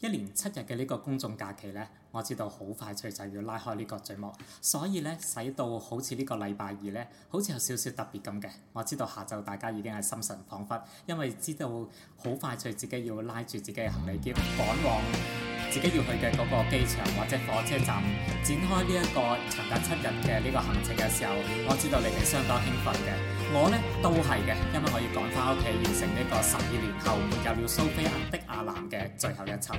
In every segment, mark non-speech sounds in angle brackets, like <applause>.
一連七日嘅呢個公眾假期呢，我知道好快脆就要拉開呢個序幕，所以呢，使到好似呢個禮拜二呢，好似有少少特別咁嘅。我知道下晝大家已經係心神恍惚，因為知道好快脆自己要拉住自己嘅行李喼趕往，自己要去嘅嗰個機場或者火車站展開呢一個長達七日嘅呢個行程嘅時候，我知道你哋相當興奮嘅，我呢都係嘅，因為可以趕翻屋企完成呢個十二年後沒有了蘇菲亞的阿南嘅最後一程。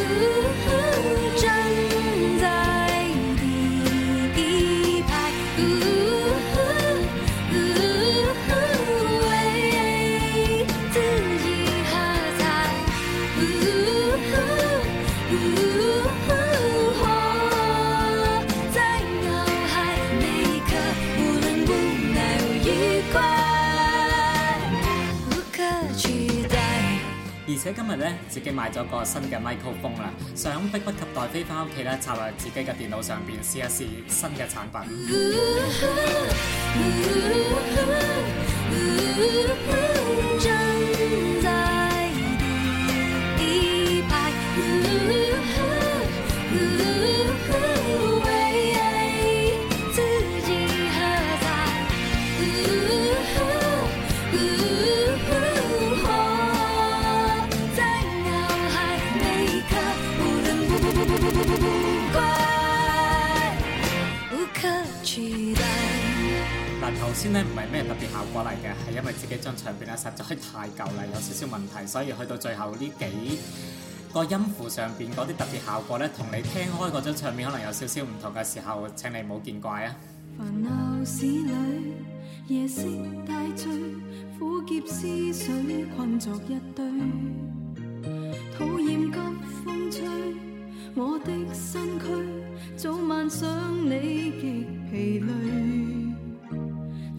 而且今日咧，自己買咗個新嘅麥克風啦，想迫不及待飛翻屋企咧，插喺自己嘅電腦上邊試一試新嘅產品。 <noise> <noise> 嚟嘅係因為自己張唱片啊實在係太舊啦，有少少問題，所以去到最後呢幾個音符上邊嗰啲特別效果咧，同你聽開嗰張唱片可能有少少唔同嘅時候，請你唔好見怪啊！煩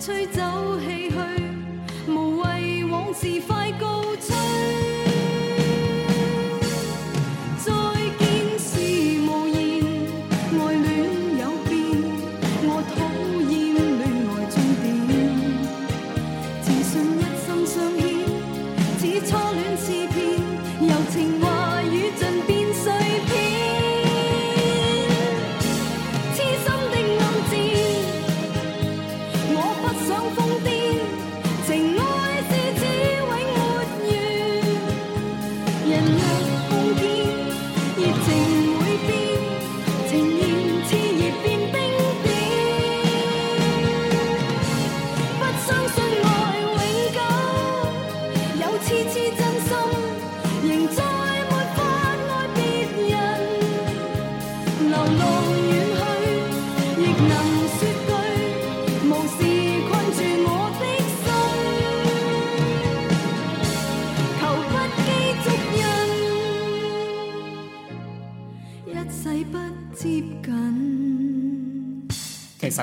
吹走氣。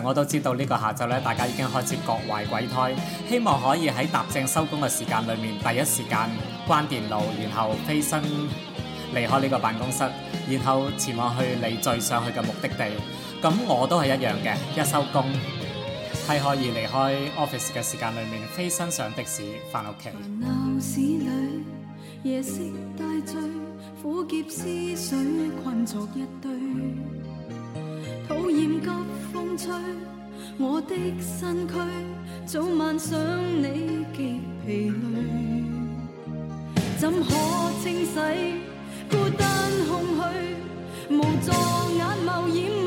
我都知道呢個下晝咧，大家已經開始各懷鬼胎，希望可以喺踏正收工嘅時間裏面，第一時間關電腦，然後飛身離開呢個辦公室，然後前往去你最想去嘅目的地。咁我都係一樣嘅，一收工係可以離開 office 嘅時間裏面，飛身上的士翻屋企。鬧市裏，夜色大醉，苦澀思緒，困作一堆。 <music> <music> 討厭急風吹我的身軀，早晚想你極疲累，怎可清洗孤單空虛，無助眼眸掩。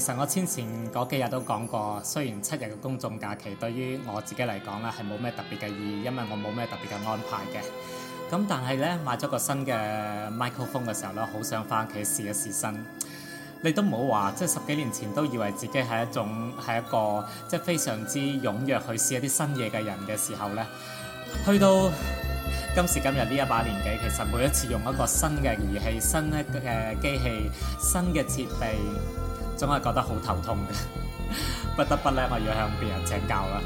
其實我先前嗰幾日都講過，雖然七日嘅公眾假期對於我自己嚟講咧係冇咩特別嘅意義，因為我冇咩特別嘅安排嘅。咁但係咧買咗個新嘅 microphone 嘅時候咧，好想翻屋企試一試新。你都唔好話，即係十幾年前都以為自己係一種係一個即係非常之踴躍去試一啲新嘢嘅人嘅時候咧，去到今時今日呢一把年紀，其實每一次用一個新嘅儀器、新嘅誒機器、新嘅設備。真係覺得好頭痛 <laughs> 不得不呢，我要向別人請教啦。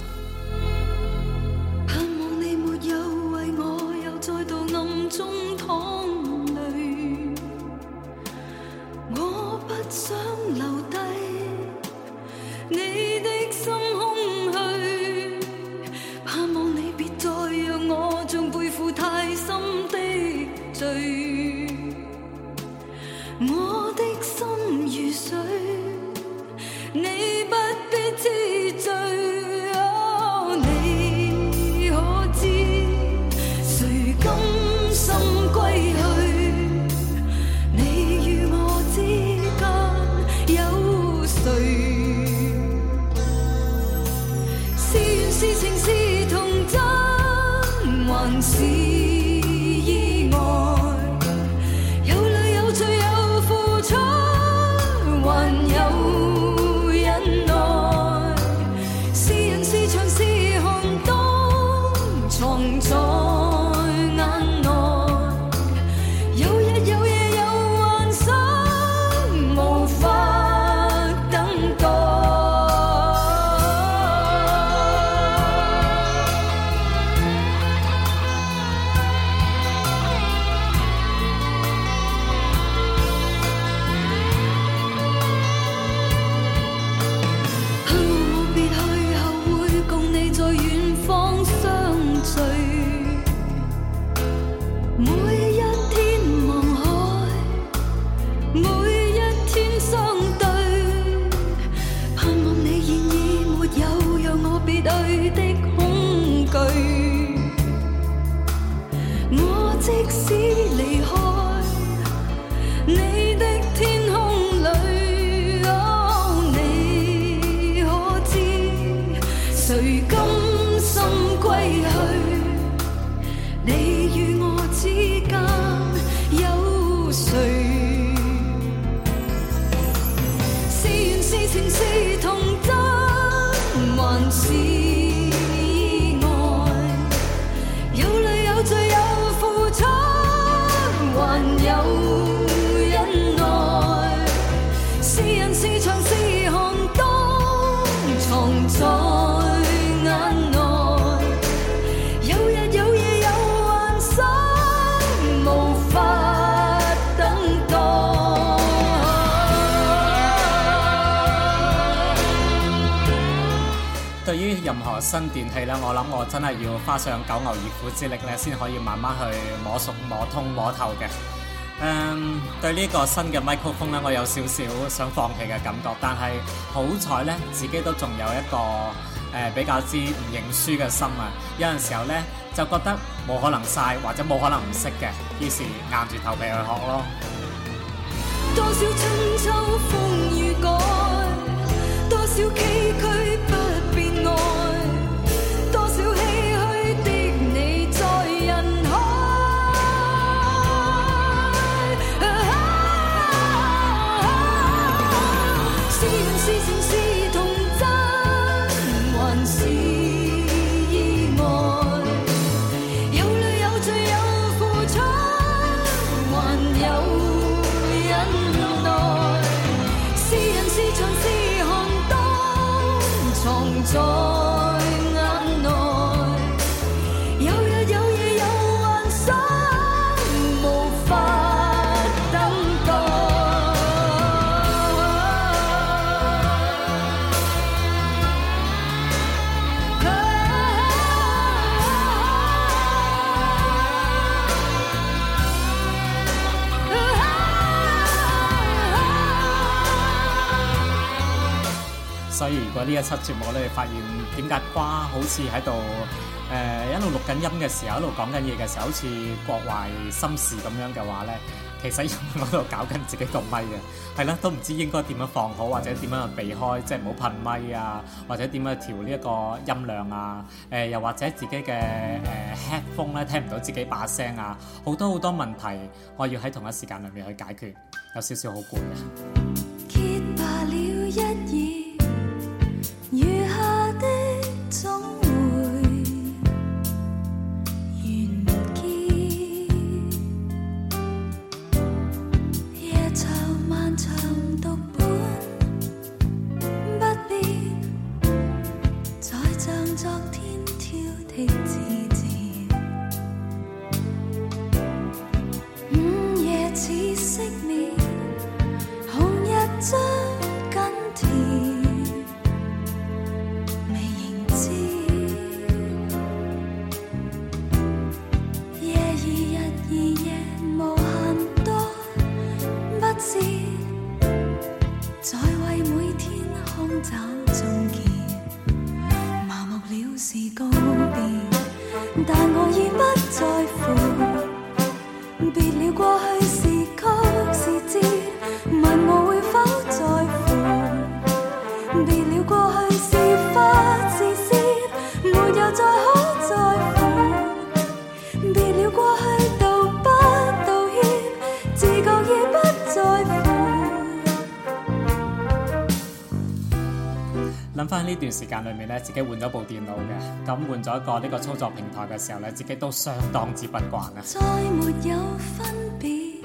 任何新電器咧，我諗我真係要花上九牛二虎之力咧，先可以慢慢去摸熟、摸通、摸透嘅。嗯，對呢個新嘅 microphone 咧，我有少少想放棄嘅感覺，但係好彩咧，自己都仲有一個誒比較之唔認輸嘅心啊！有陣時候咧，就覺得冇可能晒或者冇可能唔識嘅，於是硬住頭皮去學咯。多少春秋風雨改，多少崎嶇。七節目咧，發現點解瓜好似喺度誒一路錄緊音嘅時候，一路講緊嘢嘅時候，好似國懷心事咁樣嘅話咧，其實因為我喺度搞緊自己個咪。嘅，係啦，都唔知應該點樣放好，或者點樣去避開，即係唔好噴咪啊，或者點樣去調呢一個音量啊，誒、呃、又或者自己嘅誒 headphone 咧聽唔到自己把聲啊，好多好多問題，我要喺同一時間入面去解決，有少少好攰啊。呢段時間裏面咧，自己換咗部電腦嘅，咁換咗一個呢個操作平台嘅時候咧，自己都相當之不慣啊。再沒有分別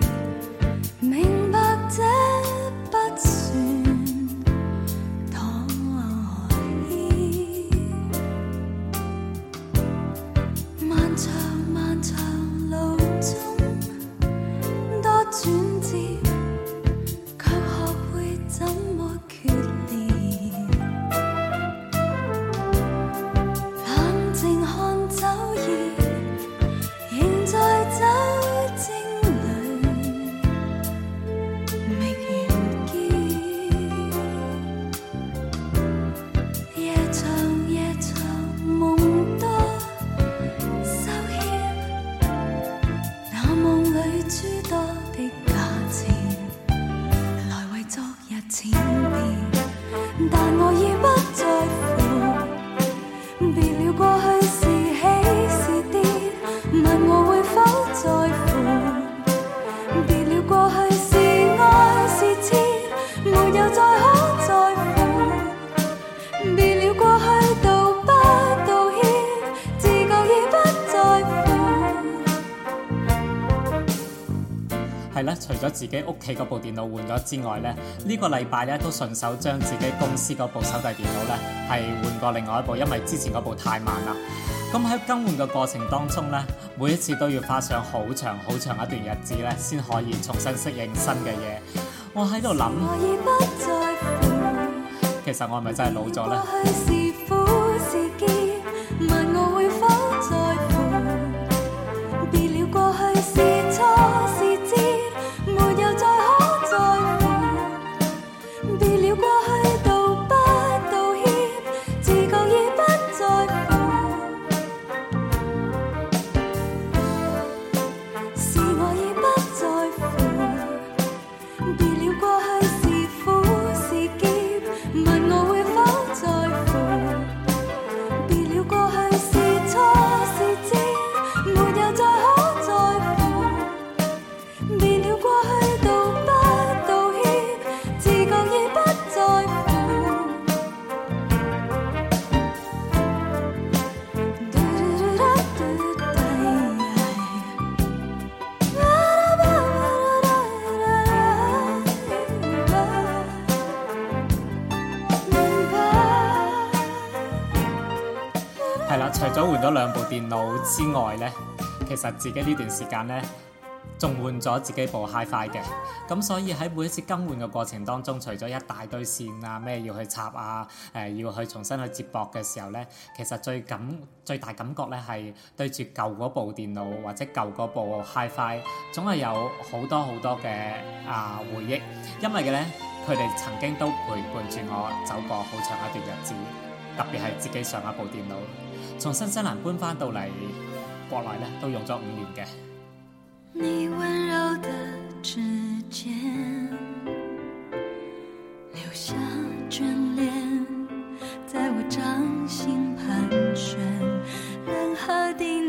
自己屋企嗰部電腦換咗之外呢，這個、呢個禮拜呢都順手將自己公司嗰部手提電腦呢係換過另外一部，因為之前嗰部太慢啦。咁喺更換嘅過程當中呢，每一次都要花上好長好長一段日子呢，先可以重新適應新嘅嘢。我喺度諗，其實我係咪真係老咗呢？電腦之外呢，其實自己呢段時間呢，仲換咗自己部 HiFi 嘅，咁所以喺每一次更換嘅過程當中，除咗一大堆線啊咩要去插啊，誒、呃、要去重新去接駁嘅時候呢，其實最感最大感覺呢，係對住舊嗰部電腦或者舊嗰部 HiFi，總係有好多好多嘅啊、呃、回憶，因為嘅呢，佢哋曾經都陪伴住我走過好長一段日子，特別係自己上一部電腦。從新西蘭搬翻到嚟國內咧，都用咗五年嘅。你溫柔的指尖留下眷戀，在我掌心盤旋。何定？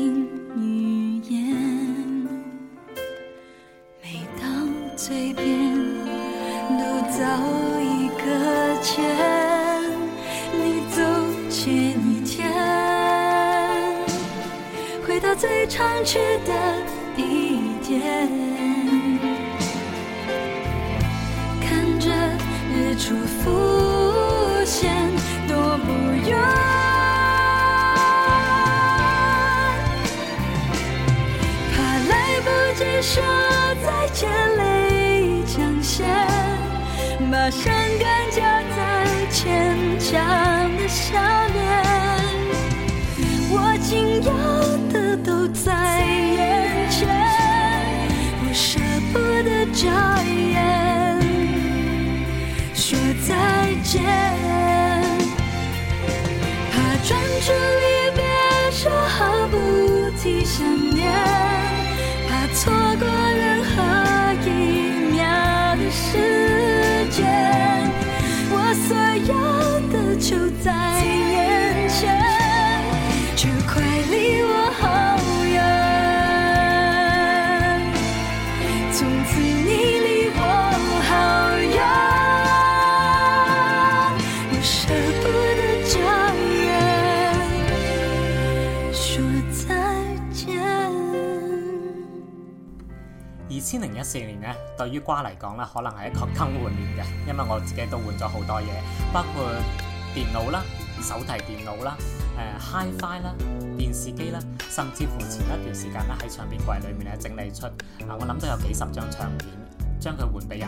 眨眼，說再見，怕轉瞬離別，說好不提想念。四年咧，對於瓜嚟講咧，可能係一個更換年嘅，因為我自己都換咗好多嘢，包括電腦啦、手提電腦啦、誒 Hi-Fi 啦、Hi Fi，電視機啦，甚至乎前一段時間咧，喺唱片櫃裏面咧整理出，我諗到有幾十張唱片，將佢換俾人。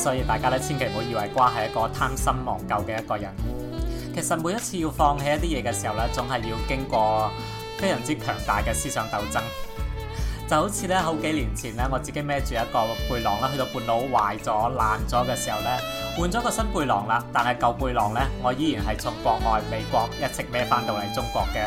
所以大家咧，千祈唔好以為瓜係一個貪新忘舊嘅一個人。其實每一次要放棄一啲嘢嘅時候咧，總係要經過非常之強大嘅思想鬥爭。就好似咧，好幾年前咧，我自己孭住一個背囊啦，去到半路壞咗、爛咗嘅時候咧，換咗個新背囊啦，但係舊背囊咧，我依然係從國外美國一直孭翻到嚟中國嘅。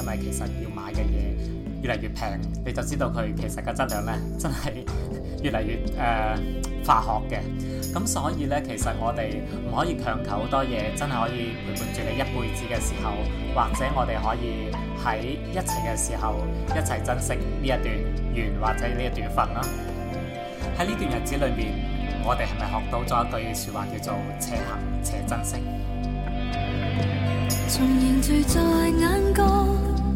因為其實要買嘅嘢越嚟越平，你就知道佢其實嘅質量咧真係越嚟越誒、呃、化學嘅。咁所以咧，其實我哋唔可以強求好多嘢，真係可以陪伴住你一輩子嘅時候，或者我哋可以喺一齊嘅時候一齊珍惜呢一段緣或者呢一段份囉。喺呢段日子裏面，我哋係咪學到咗一句說話叫做且行且珍惜？重凝聚在眼角。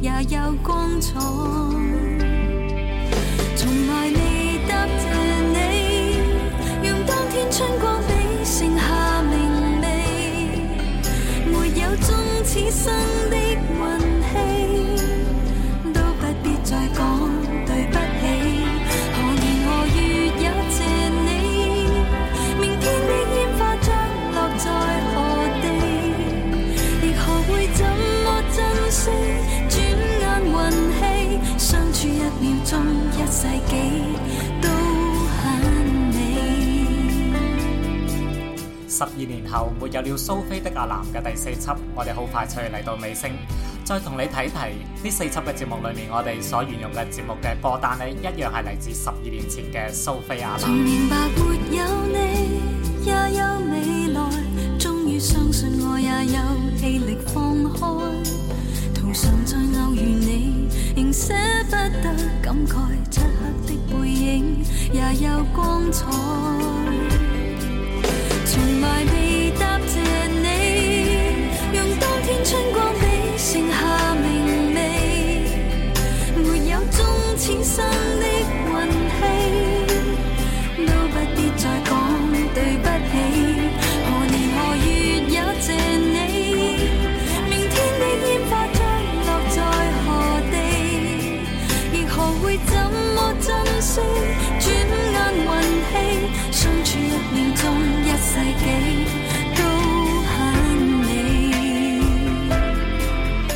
也有光彩，從來未答謝你，讓當天春光比盛夏明媚，沒有終此生的。十二年後，沒有了蘇菲的阿南嘅第四輯，我哋好快脆嚟到尾聲，再同你睇睇呢四輯嘅節目裏面，我哋所沿用嘅節目嘅播單呢，一樣係嚟自十二年前嘅蘇菲阿南。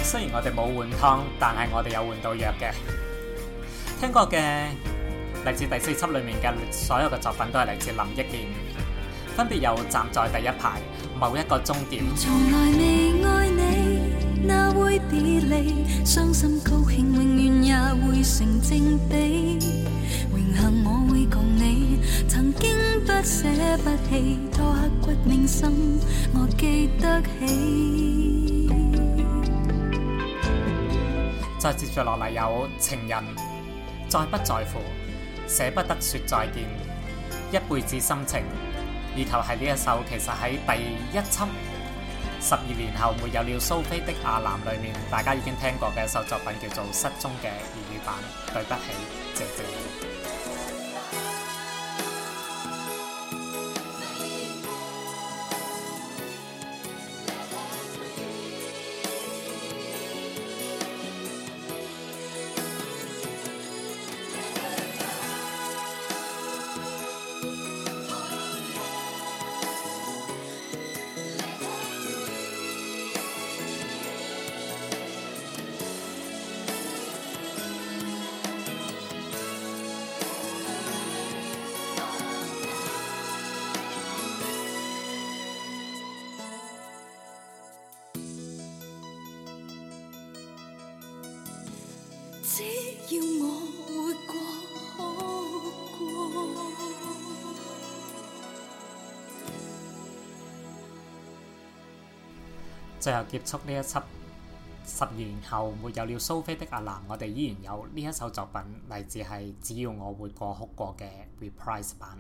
雖然我哋冇換湯，但係我哋有換到藥嘅。聽過嘅，嚟自第四輯裏面嘅所有嘅作品都係嚟自林憶蓮，分別有站在第一排、某一個終點、從來未愛你、那會別離、傷心高興永遠也會成正比、榮幸我會共你、曾經不捨不棄、多刻骨銘心、我記得起。再接住落嚟有情人，再不在乎，捨不得說再見，一輩子心情。而頭係呢一首，其實喺第一輯，十二年後沒有了蘇菲的阿南裏面，大家已經聽過嘅一首作品叫做《失蹤》嘅粵語版，對不起，謝謝。最後結束呢一輯，十二年後沒有了蘇菲的阿南，我哋依然有呢一首作品，嚟自係只要我活過哭過嘅 reprise 版。